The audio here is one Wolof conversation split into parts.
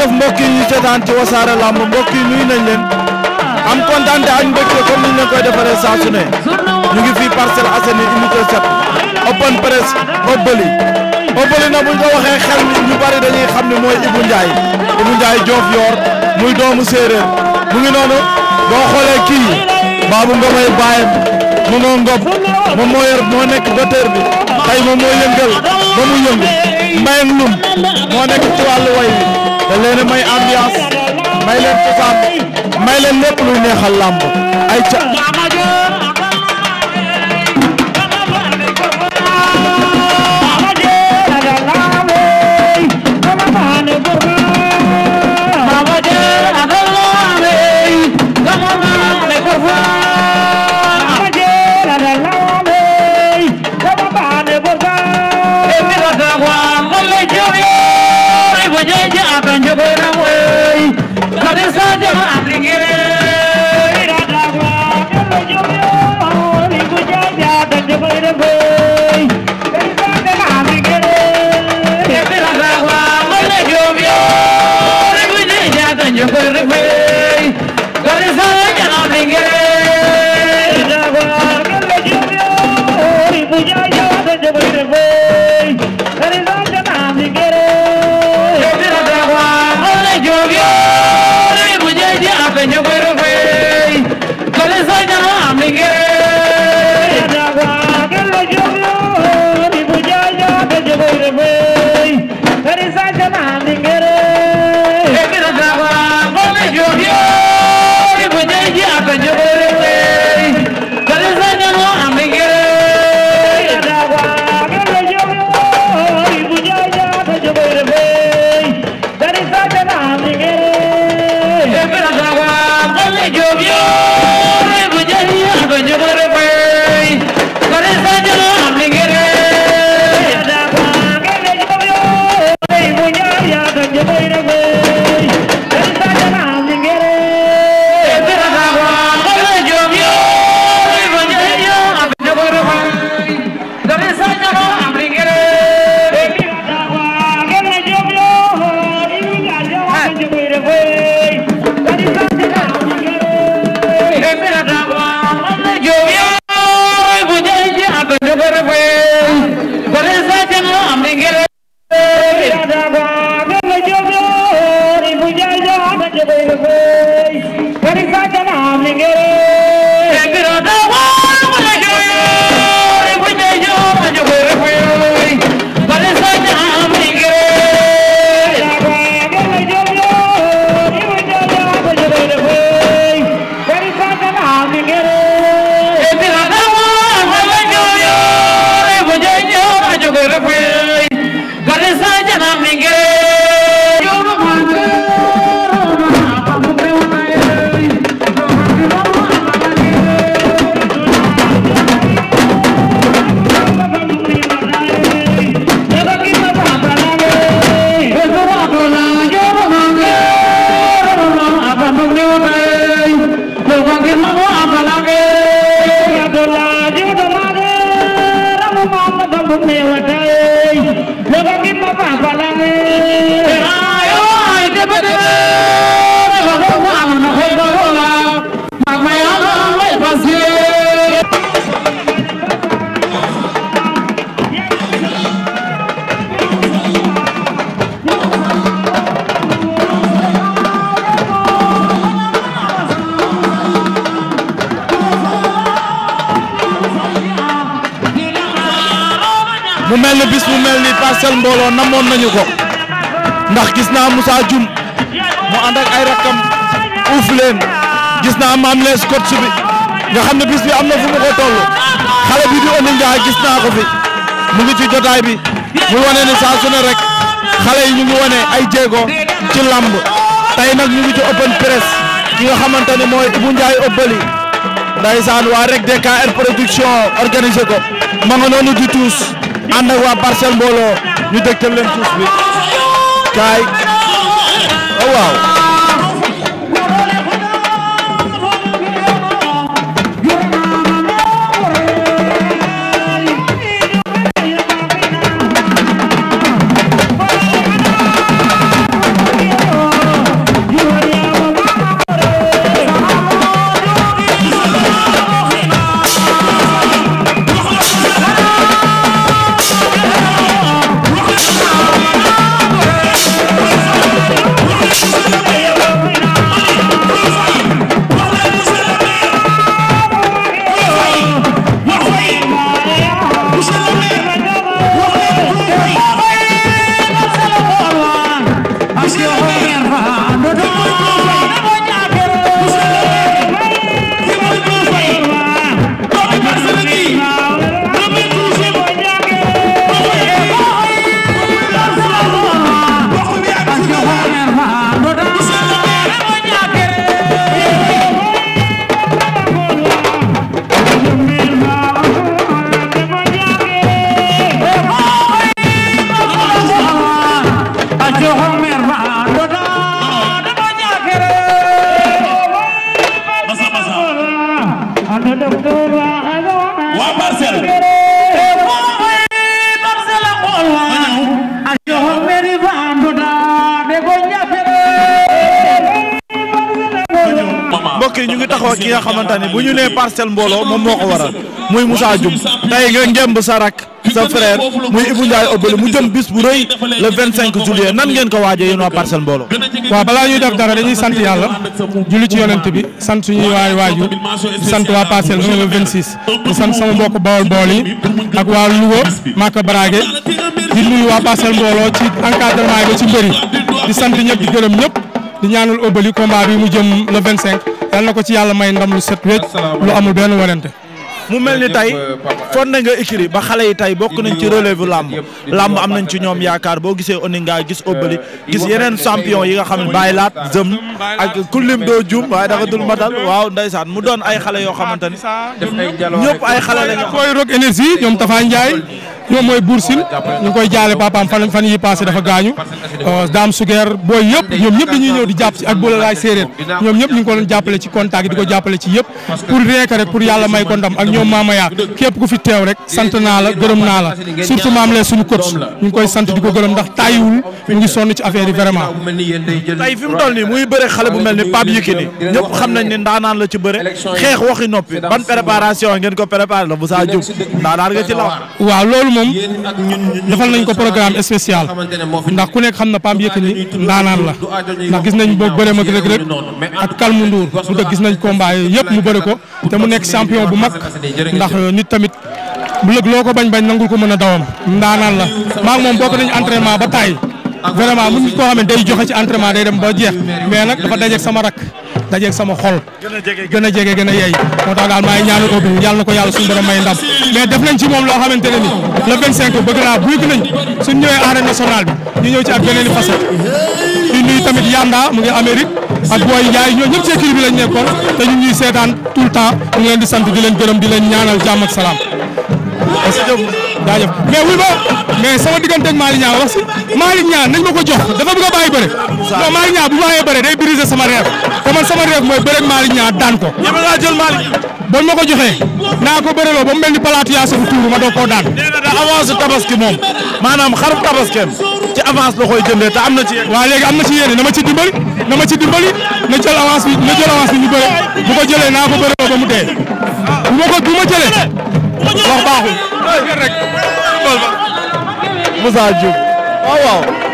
jërëjëf mbokk yi ñu seetaan ci wasaare lamb mbokk yi nuyu nañ leen am kontaan te ak mbégte comme ni ñu leen koy defaree saa su ne ñu ngi fii Parcelles Assainies unité 7 open press Obeuli Obeuli na bu ñu ko waxee xel ñu bari dañuy xam ne mooy Ibou Ndiaye Ibou Ndiaye Joof Yoor muy doomu séeréer mu ngi noonu boo xoolee kii baabu ngomay baayam mu noo moo nekk batteur bi tey moom moo yëngal ba mu yëngu mbayam lum moo nekk ci wàllu way da leen a may ambiance may leen cosaan may leen lépp luy neexal làmb ay ca wa xamoon nañu ko ndax gis naa Moussa Dioum mu ànd ak ay rakkam uuf leen gis naa maam les coach bi nga xam ne bis bi am na fu mu ko toll xale bi di Oni Ndiaye gis naa ko fi mu ngi ci jotaay bi mu wane ne saa su ne rek xale yi ñu ngi wane ay jéego ci lamb tey nag ñu ngi ci open press ki nga xamante ne mooy Ibou Ndiaye Obali ndaysaan waa rek DKR production organisé ko ma nga noonu di ànd ak waa Parcelles Mbooloo ñu dégtal leen suuf bi kaay oh, waaw. ñu ngi taxaw ki nga xamante ne bu ñu nee parcelle mbooloo moom moo ko waral muy Moussa Dioum tey nga ngemb sa rak sa frère muy Ibou Obali mu jëm bis bu rëy le 25 juillet nan ngeen ko waajee yéen waa parcelle mbooloo. waaw balaa ñuy def dara dañuy sant yàlla julli ci yonent bi sant suñuy waay waajur di sant waa parcelle ba le 26 di sant sama mbokk Bawol Bawol yi ak waa Louga Maka Bragué di nuyu waa parcelle mbooloo ci encadrement yi ci yàlla na ko ci yàlla may ndam lu set wécc lu amul benn werante mu mel ni tey euh, fon na nga écrit ba xale yi tey bokk nañ ci relève làmb làmb am nañ ci ñoom yaakaar boo gisee Oninga gis euh, Obali gis yeneen champion yi nga xam ne bàyyi laat jëm ak kullim doo jum waaye dafa dul matal waaw ndeysaan mu doon ay xale yoo xamante ni ñëpp ay xale la ñu koy Rock Énergie ñoom Tafa Ndiaye ñoom mooy Boursin ñu koy jaale papaam fan fan yi passé dafa gaañu euh, Dame Suger booy yëpp ñoom ñëpp dañuy ñëw di jàpp si ak Bololaay Séeréer ñoom ñëpp ko doon jàppale ci contact yi di ko jàppale ci yëpp pour rien ñoom maama yaak képp ku fi teew rek sant naa la gërëm naa la surtout maam lee suñu coach ñu ngi koy sant di ko gërëm ndax tàyyiwul mu ngi sonn ci affaire yi vraiment fi mu toll nii muy bëre xale bu mel ni Pape Yékini ñëpp xam nañ ne ndaanaan la ci bëre xeex waxi noppi ban préparation ngeen ko préparé la bu saa jub ndaanaan nga la waaw loolu moom defal nañ ko programme spécial ndax ku nekk xam na Pape Yékini ndaanaan la ndax gis nañ boo bëre mag rek ak ndax nit tamit bu lëg loo ko bañ bañ nangul ko mën a dawam ndaanaan la maa ngi moom bokk nañu entraînement ba taay vraiment mu ngi koo xam ne day joxe ci entraînement day dem ba jeex mais nag dafa dajeeg sama rak dajeeg sama xol gën a jege gën a yey moo tax daal maa ngi ñaanal Obou na ko yàlla suñu borom may ndam mais def nañ ci moom loo xamante ne ni le 25 bëgg naa buy nañ suñ ñëwee arène nationale bi ñu ñëw ci ak beneen i façon ñu ak booy Ndiaye ñoo ñëpp ci équipe te ñu ñuy seetaan tout le temps leen di sant di leen gërëm di leen ñaanal jàmm salaam. jaajëf mais wuy ba mais sama digganteeg Malick Niang wax si Malick Niang nañ ma ko jox dafa bëgg a bàyyi bëre. non Malick Niang bu bàyyee bëre day briser sama rêve te sama rêve mooy bëreeg Malick Niang daan ko. ñebe laa jël Malick. ma ko joxee naa ko bëreloo ba mu mel ni palaatu yaa suuf tuuru ma doog koo daan. da avance tabaski moom maanaam xaru tabaskeem ci avance la koy jëndee te am na ci yéen. waaw na ma ci dimbali na ma ci dimbali na jël avance bi na jël avance bi ñu ko jëlee naa ba mu dee ah. Moussa Diouf waaw waaw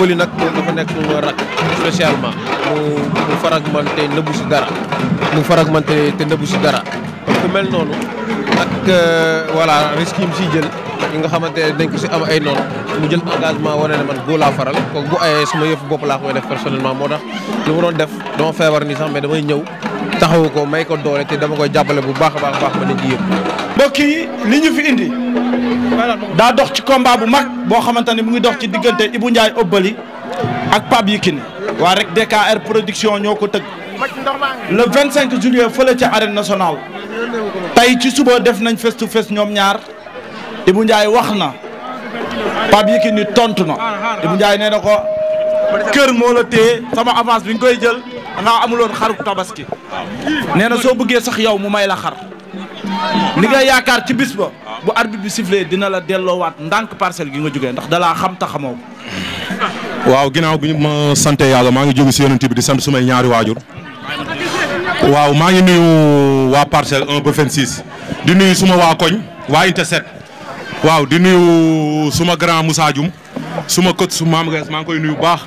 Bouly nag dafa nekk rak spécialement mu mu fragmenté nëbbu si dara mu farag fragmenté te nëbbu si dara ku mel noonu ak euh, voilà risque yi mu siy jël yi nga xamante ne dañ ko si am ay noonu mu jël engagement wane ne man góor laa faral kooku bu ayee ma yëfu bopp laa koy def personnellement moo tax li ma doon def dama feebar nii sax ma damay ñëw taxawu ko may ko doole te dama koy jàppale bu baax a baax baax ma ne ci yëpp mbokk yi ñu fi indi daa dox ci combat bu mag boo xamante ne mu ngi dox ci diggante Ibou Ndiaye Obali ak Pape Yikini waa rek DKR production ñoo ko tëgg le 25 juillet fële ca arène nationale tey ci suba def nañ face to face ñoom ñaar Ibou Ndiaye wax na Pape Yikini tontu na Ibou Ndiaye nee na ko kër moo la téye sama avance bi nga koy jël ndax amuloon xaru tabaski nee na soo buggee sax yow mu may la xar li nga yaakaar ci bis ba bu arbitre bi sifflé dina la delloowaat ndànk parcelle gi nga jógee ndax dalaa xam ta xamoo waaw ginnaaw bi ma sante yàlla maa ngi jógu si yonent bi di sant suma ñaari waajur waaw maa ngi nuyu waa parcelle 1 ba 26 di nuyu suma waa koñ waa set waaw di nuyu suma grand Moussa Dioum suma kët su maam gees maa ngi koy nuyu bu baax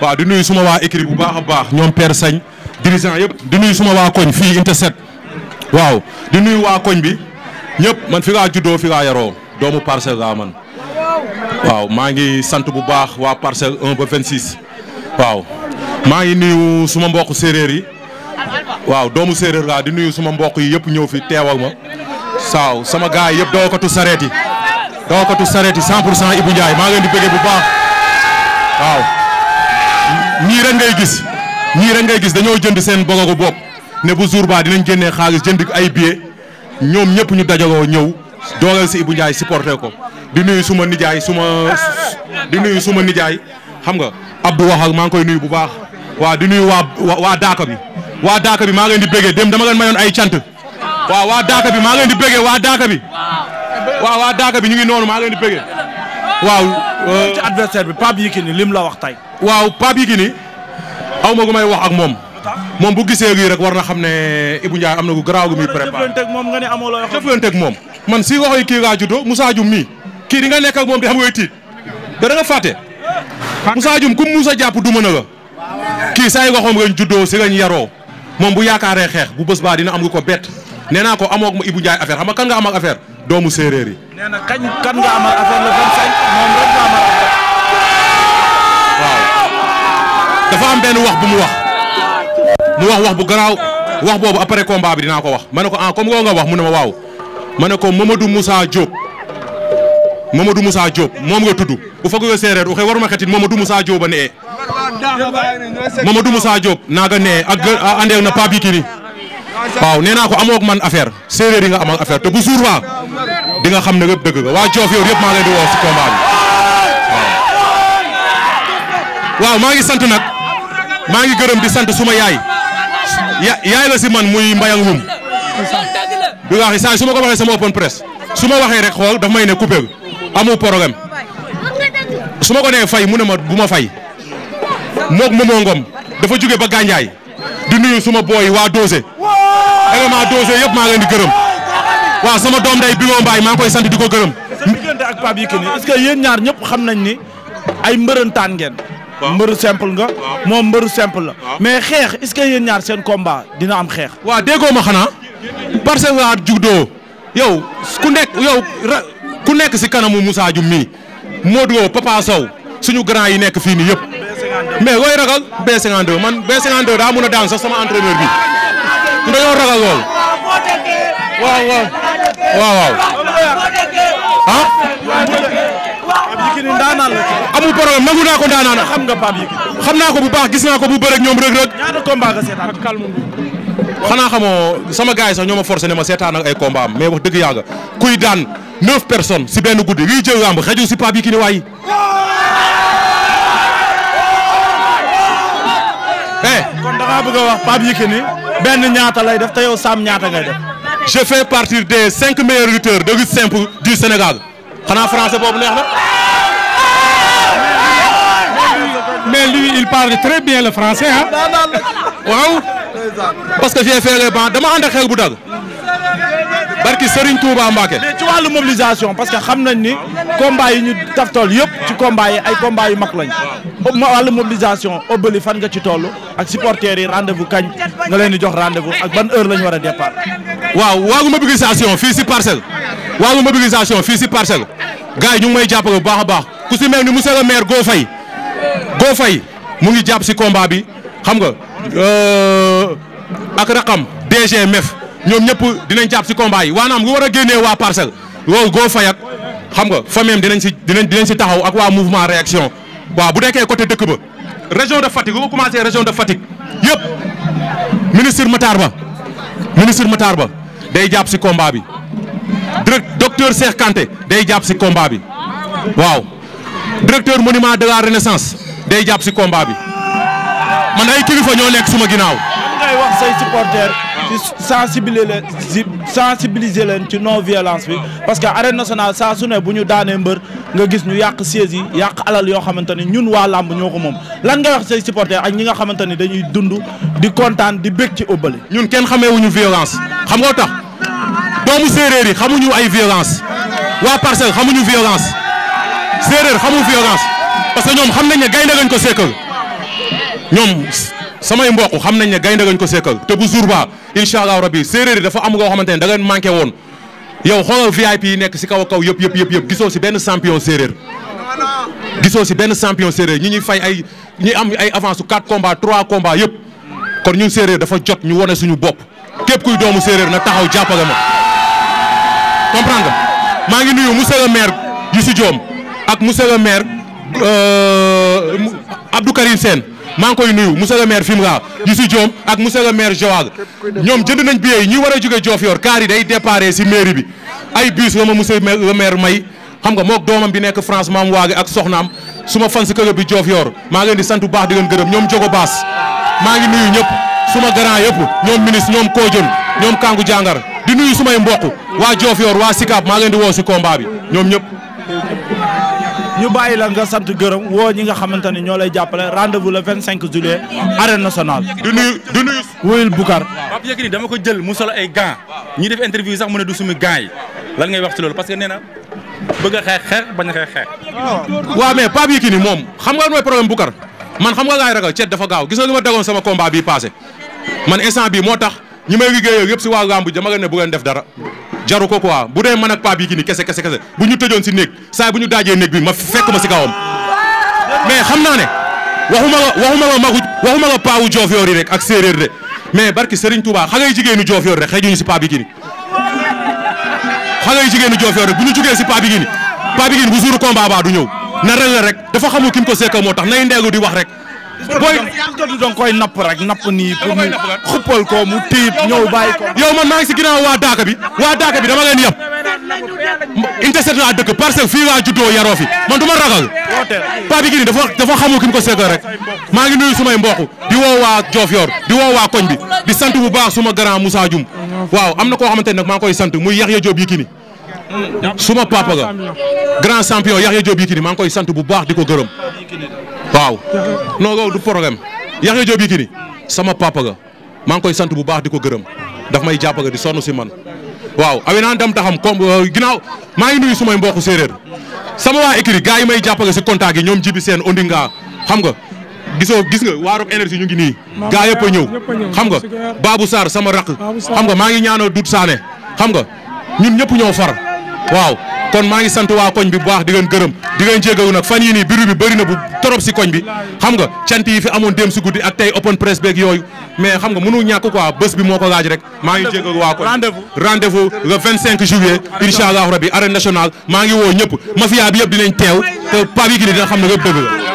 waaw di nuyu suma waa écrit bu baax a baax ñoom Père Sagne dirigeant yëpp di nuyu suma waa koñ fii inte set waaw di nuyu waa koñ bi ñëpp man fi ngaa juddoo fi ngaa yaroo doomu parcelle laa man waaw maa ngi sant bu baax waa parcelle 1 ba 26 waaw maa ngi nuyu suma mbokk séeréer yi waaw doomu séeréer laa di nuyu suma mbokk yi yëpp ñëw fi teewal ma saaw sama gars yi yëpp dawakatu sareet yi dawakatu sareet yi 100 pour cent Ibou Ndiaye maa ngi di bëggee bu baax waaw ñii ngay gis ñii rek ngay gis dañoo jënd seen bogogu bopp ne bu jour ba dinañ génnee xaalis jënd ay billets ñoom ñëpp ñu dajaloo ñëw dooleel si Ibou Ndiaye supporté ko di nuyu suma nijaay suma di nuyu suma nijaay xam nga Abdou Waxal maa ngi koy nuyu bu baax waaw di nuyu waa waa daaka bi waa daaka bi maa ngi leen di béggee dem dama leen mayoon ay cant waaw waa daaka bi maa ngi leen di béggee waa daaka bi waaw waa daaka bi ñu ngi noonu maa ngi leen di béggee waaw euh, ci adversaire bi Pape Yekini lim la wax tey waaw Pape Yekini aw ma gu may wax ak moom moom bu gisee gi rek war na xam ne Ibou Ndiaye am na gu garaaw gu muy préparé jëflanteeg moom man si waxoy kii ngaa juddoo Moussa mii kii di nga nekk ak moom di xam ngay tiit da da nga fàtte Moussa Dioum ku Moussa jàpp du mën a la kii saa yi waxoom ngañ juddoo si ngañ yaroo moom bu yaakaaree xeex bu bés baa dina am nga ko bett nee naa ko amoo ak ma Ibou Ndiaye affaire xam kan nga am ak affaire doomu séeréer yi. nee na kañ kan nga am ak am benn wax bu mu wax mu wax wax bu garaaw wax boobu après combat bi dinaa ko wax ma ne ko ah comme nga wax mu ne ma waaw ma ne ko Mamadou Moussa Diop Mamadou Moussa Diop moom nga tudd u fago yo seereer oxe warma xetit Mamadou Moussa Diop a ne'e Mamadou Moussa Diop naga na Pape Yekini waaw nee naa ko amoog man affaire séeréer yi nga am affaire te bu suur ba di nga xam ne yëpp dëgg nga waa Joof yow yëpp maa ngi di woo si combat waaw maa ngi sant nag maa ngi gërëm di sant suma yaay yaay la si man muy mbayang wum bi nga xam su ma ko waxee sama open press su ma waxee rek xool daf may ne coupé amul programme su ma ko nee fay mu ne ma bu ma fay moog moomoo ngom dafa jóge ba gànjaay di nuyu ma booy waa Dose élément Dose yëpp maa ngeen di gërëm waaw sama doom day Bibo Mbaye maa ngi koy sant di ko gërëm. sa diggante ak Pape Yékini que yéen ñaar ñëpp xam nañ ni ay mbërëntaan ngeen. mbëru simple nga. moom mbëru simple la. mais xeex est-ce que yéen ñaar seen combat dina am xeex. waa déggoo ma xanaa. parce que juddoo yow ku nekk yow ku nekk si kanamu Moussa Dioum mii Modou Papa Sow suñu grand yi nekk fii nii yëpp. mais way ragal B52 man B52 daa mun a daan sa sama entraîneur bi dañoo ragal lool. waaw waaw waaw waaw. ah. ndaanaan la amul problème nangu naa ko ndaanaan xam nga Pape Yékini xam naa ko bu baax gis naa ko bu bëreeg ñoom Reug Reug ñaata combat nga seetaan ak calme xanaa xamoo sama gars yi sax ñoo ma forcé ne ma seetaan ay combat am mais wax dëgg yàgg kuy daan neuf personnes si benn guddi yuy jëw yàmb xëju si Pape Yékini waay eh kon da ngaa wax Pape Yékini benn ñaata lay def te yow Sam ñaata ngay def je fais partir des cinq meilleurs lutteurs de lutte simple du Sénégal boobu neex mais lui il parle très bien le français ah. waaw. parce que j'ai fait dama ànd ak xel bu dagg. barki Serigne Touba Mbacke. mais ci wàll mobilisation parce que xam nañ ni combat yi ñu taftal yëpp ci combat yi ay combat yu mag lañ. waaw wàllu mobilisation Obeuly fan nga ci toll ak supporters yi rendez-vous kañ nga leen di jox rendez-vous ak ban heure la ñu war a départ. waaw waagu mobilisation fii si parcelle waagu mobilisation fii si parcelle gars yi ñu ngi may jàppale bu baax a baax ku si mel ni monsieur le maire Go Faye Go fay mu ngi jàpp si combat bi xam nga euh, ak raqam DGMF ñoom ñëpp dinañ jàpp si combat yi waanaam ngi war a génne waa parcelle wow Go ak xam nga famille dinañ si dinañ dinañ si taxaw ak waa mouvement réaction waaw bu nekkee côté dëkk ba région de Fatick bu commencé région de Fatick yëpp ministre Matar Ba ministre Matar Ba day jàpp si combat bi direct docteur Cheikh Kanté day jàpp si combat bi waaw. directeur monument de la renaissance day jàpp si kombaa bi man ay kilifa ñoo nekk suma ginnaaw. ngay wax say supporters. ci sensibiliser leen ci sensibiliser leen ci non violence bi parce que arène nationale saa su ne bu ñu daanee mbër nga gis ñu yàq siège yi yàq alal yoo xamante ni ñun waa làmb ñoo ko moom lan ngay wax say supporters ak ñi nga xamante ni dañuy dund di kontaan di bég ci Obeuli. ñun kenn xameewuñu violence xam nga tax doomu séeréer yi xamuñu ay violence waa parcelle xamuñu violence. séeréer xamul violence parce que ñoom xam nañ ne gaynde gañ ko sekkal ñoom samay mbokk xam nañ ne gaynde gañ ko sekkal te bu jour ba incha allah rabi séeréer yi dafa am nga xamante ne da manqué woon yow xoolal VIP yi nekk si kaw a kaw yëpp yëpp yëpp yëpp gisoo si benn champion séeréer gisoo si benn champion séeréer ñi ñuy fay ay ñi am ay avance su 4 trois 3 yëpp kon ñun séeréer dafa jot ñu wone suñu bopp képp kuy doomu séeréer na taxaw jàppale ma maa ngi nuyu monsieur le maire Youssou ak monsieur le maire euh, Abdou Karim Sène maa ngi koy nuyu monsieur le maire Fimela di si Diome ak monsieur le maire Joal ñoom jënd nañ billet yi war a jóge Diofior kaar yi day déparé si mairie bi ay bus la ma monsieur le maire may xam nga mook doomam bi nekk France maam waage ak soxnaam su ma fan si kër bi Diofior maa ngi leen di sant bu baax di leen gërëm ñoom Jogo Baas maa ngi nuyu ñëpp suma grand yëpp ñoom ministre ñoom Kodion ñoom Kangu Jangar di nuyu sumay mbokk waa Diofior waa Sicap maa leen di woo si combat bi ñoom ñëpp. ñu bàyyi la nga sant gërëm woo ñi nga xamante ne ñoo lay jàppale rendez-vous le cinq juillet arène nationale. du nuyu du nuyu. wuyul Boucar. Pape Yékini dama ko jël mu solo ay gants ñi def interview sax mu ne du sumi gants yi lan ngay wax ci loolu parce que nee na bëgg a xeex xeex bañ a xeex xeex. waaw ah. mais Pape Yékini moom xam nga mooy problème Boucar man xam nga gars yi ragal ceeb dafa gaaw gis nga li ma dagoon sama combat bii passé man instant bii moo tax ñi may liggéeyee yëpp si waa Gambu dama nga ne bu ngeen def dara jaru ko quoi bu dee man ak Pape Yékini kese kese kese bu ñu tëjoon si néeg saa bu ñu daajee néeg bi ma fekk ma si kawam mais xam naa ne waxuma la waxuma la magu waxuma la paawu joof yoor yi rek ak séeréer de mais barki Serigne Touba xale yu jigéenu joof yoor rek xëjuñu si Pape Yékini xale yu jigéenu joof yoor rek bu ñu jugee si Pape Yékini Pape Yékini bu suuru combat ba du ñëw na rel rek dafa xamul kim ko sekkal moo tax nay ndeelu di wax rek booy jotu dong koy napp rek napp nii pour mu ko mu tiib ñëw bàyyi ko. yow man maa ngi si ginnaaw waa daaka bi waa daaka bi dama leen yab interset a dëkk parce que fii laa juddoo yaroo fi man du ma ragal. paa bi gi nii dafa dafa xamul ki ko seegal rek maa ngi nuyu sumay mbokk di woo waa Diofior di woo waa koñ bi di sant bu baax suma grand Moussa Dioum waaw am na koo xamante ne nag maa ngi koy sant muy ya Yaxya Diop Yékini suma papa ga grand champion Yaxya Diop Yékini maa ngi koy sant bu baax di ko gërëm. waaw non loolu du problème Yaxya Joob Yékini sama papa ga maa ngi koy sant bu baax di ko gërëm daf may jàpp ga di sonn si man waaw awi naan dam taxam comme euh, ginnaaw maa ngi nuyu sumay mbokk séeréer sama waa écrit gars yi may jàpp si contact yi ñoom jibi seen ondinga xam nga gisoo gis nga waarok énergie ñu ngi nii gaa yëpp a ñëw xam nga Babou saar sama raq xam nga maa ngi ñaanoo Dut Sané xam nga ñun ñëpp ñoo far waaw kon maa ngi sant waa koñ bi baax di leen gërëm di leen jégalu nag fan yii nii biru bi bëri na bu trop si koñ bi xam nga cant yi fi amoon dem si guddi ak tey open press beeg yooyu mais xam nga mënu ñàkk quoi bés bi moo ko laaj rek maa ngi jégalu waa koñ rendez-vous rendez-vous le 25 juillet incha allahu rabi arène maa ngi woo ñëpp mafia bi yëpp dinañ teew te paa bi gi dina xam ne nga dëgg la